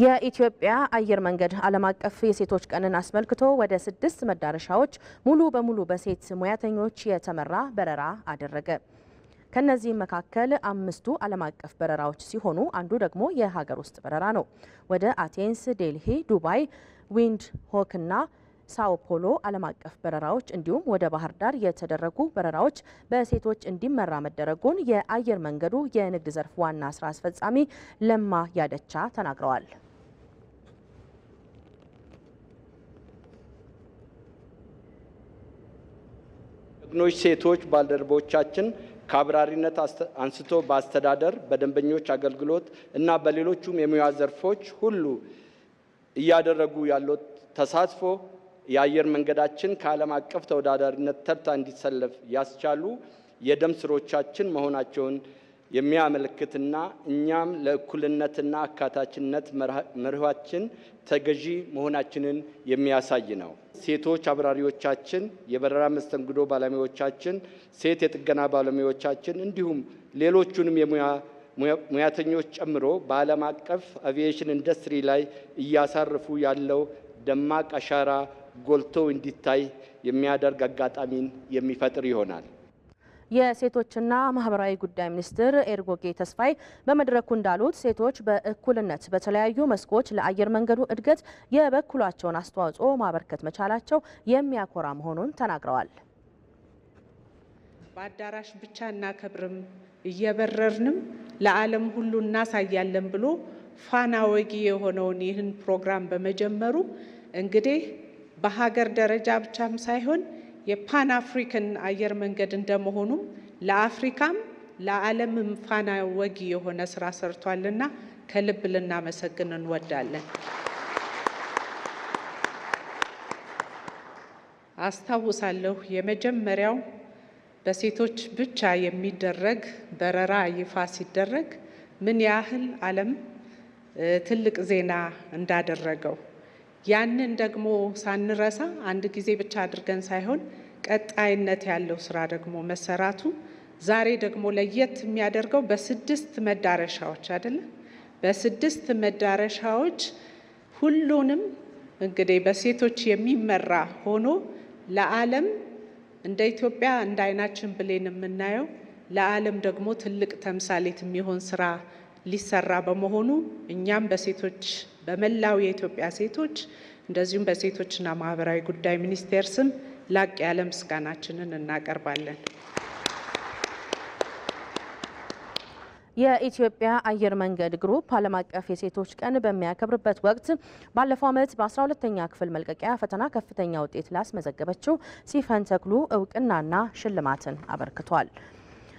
የኢትዮጵያ አየር መንገድ ዓለም አቀፍ የሴቶች ቀንን አስመልክቶ ወደ ስድስት መዳረሻዎች ሙሉ በሙሉ በሴት ሙያተኞች የተመራ በረራ አደረገ። ከነዚህም መካከል አምስቱ ዓለም አቀፍ በረራዎች ሲሆኑ አንዱ ደግሞ የሀገር ውስጥ በረራ ነው። ወደ አቴንስ፣ ዴልሂ፣ ዱባይ፣ ዊንድ ሆክና ሳኦ ፖሎ ዓለም አቀፍ በረራዎች እንዲሁም ወደ ባህር ዳር የተደረጉ በረራዎች በሴቶች እንዲመራ መደረጉን የአየር መንገዱ የንግድ ዘርፍ ዋና ስራ አስፈጻሚ ለማ ያደቻ ተናግረዋል። ጀግኖች ሴቶች ባልደረቦቻችን ከአብራሪነት አንስቶ በአስተዳደር፣ በደንበኞች አገልግሎት እና በሌሎቹም የሙያ ዘርፎች ሁሉ እያደረጉ ያሉት ተሳትፎ የአየር መንገዳችን ከዓለም አቀፍ ተወዳዳሪነት ተርታ እንዲሰለፍ ያስቻሉ የደም ስሮቻችን መሆናቸውን የሚያመለክትና እኛም ለእኩልነትና አካታችነት መርሃችን ተገዢ መሆናችንን የሚያሳይ ነው። ሴቶች አብራሪዎቻችን፣ የበረራ መስተንግዶ ባለሙያዎቻችን፣ ሴት የጥገና ባለሙያዎቻችን እንዲሁም ሌሎቹንም የሙያ ሙያተኞች ጨምሮ በዓለም አቀፍ አቪዬሽን ኢንዱስትሪ ላይ እያሳረፉ ያለው ደማቅ አሻራ ጎልቶ እንዲታይ የሚያደርግ አጋጣሚን የሚፈጥር ይሆናል። የሴቶችና ማህበራዊ ጉዳይ ሚኒስትር ኤርጎጌ ተስፋይ በመድረኩ እንዳሉት ሴቶች በእኩልነት በተለያዩ መስኮች ለአየር መንገዱ እድገት የበኩላቸውን አስተዋጽኦ ማበርከት መቻላቸው የሚያኮራ መሆኑን ተናግረዋል። በአዳራሽ ብቻ እናከብርም፣ እየበረርንም ለዓለም ሁሉ እናሳያለን ብሎ ፋና ወጊ የሆነውን ይህን ፕሮግራም በመጀመሩ እንግዲህ በሀገር ደረጃ ብቻም ሳይሆን የፓን አፍሪካን አየር መንገድ እንደመሆኑ ለአፍሪካም ለዓለምም ፋና ወጊ የሆነ ስራ ሰርቷልና ከልብ ልናመሰግን እንወዳለን። አስታውሳለሁ የመጀመሪያው በሴቶች ብቻ የሚደረግ በረራ ይፋ ሲደረግ ምን ያህል ዓለም ትልቅ ዜና እንዳደረገው ያንን ደግሞ ሳንረሳ አንድ ጊዜ ብቻ አድርገን ሳይሆን ቀጣይነት ያለው ስራ ደግሞ መሰራቱ ዛሬ ደግሞ ለየት የሚያደርገው በስድስት መዳረሻዎች አይደለም፣ በስድስት መዳረሻዎች ሁሉንም እንግዲህ በሴቶች የሚመራ ሆኖ ለዓለም እንደ ኢትዮጵያ እንደ አይናችን ብሌን የምናየው ለዓለም ደግሞ ትልቅ ተምሳሌት የሚሆን ስራ ሊሰራ በመሆኑ እኛም በሴቶች በመላው የኢትዮጵያ ሴቶች እንደዚሁም በሴቶችና ማህበራዊ ጉዳይ ሚኒስቴር ስም ላቅ ያለ ምስጋናችንን እናቀርባለን። የኢትዮጵያ አየር መንገድ ግሩፕ ዓለም አቀፍ የሴቶች ቀን በሚያከብርበት ወቅት ባለፈው ዓመት በ12ኛ ክፍል መልቀቂያ ፈተና ከፍተኛ ውጤት ላስመዘገበችው ሲፈን ተክሉ እውቅናና ሽልማትን አበርክቷል።